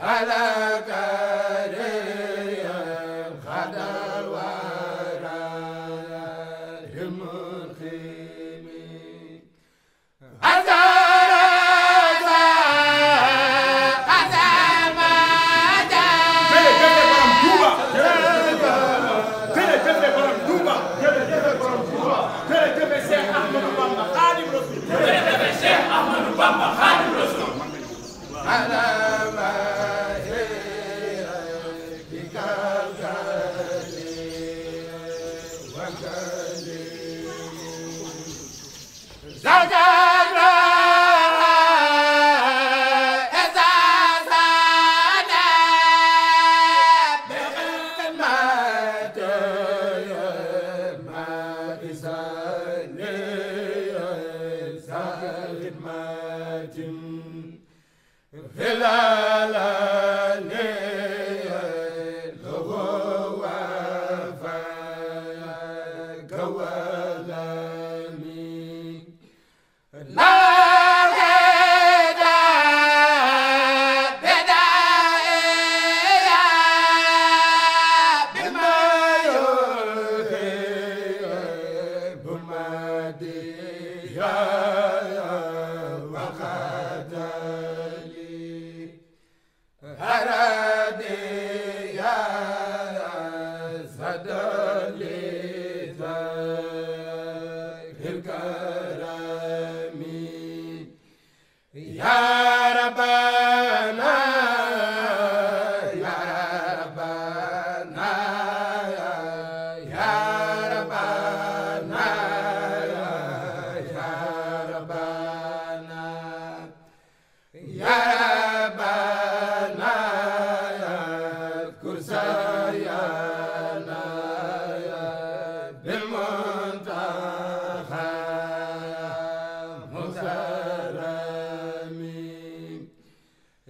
هلاك ظلال li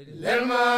lema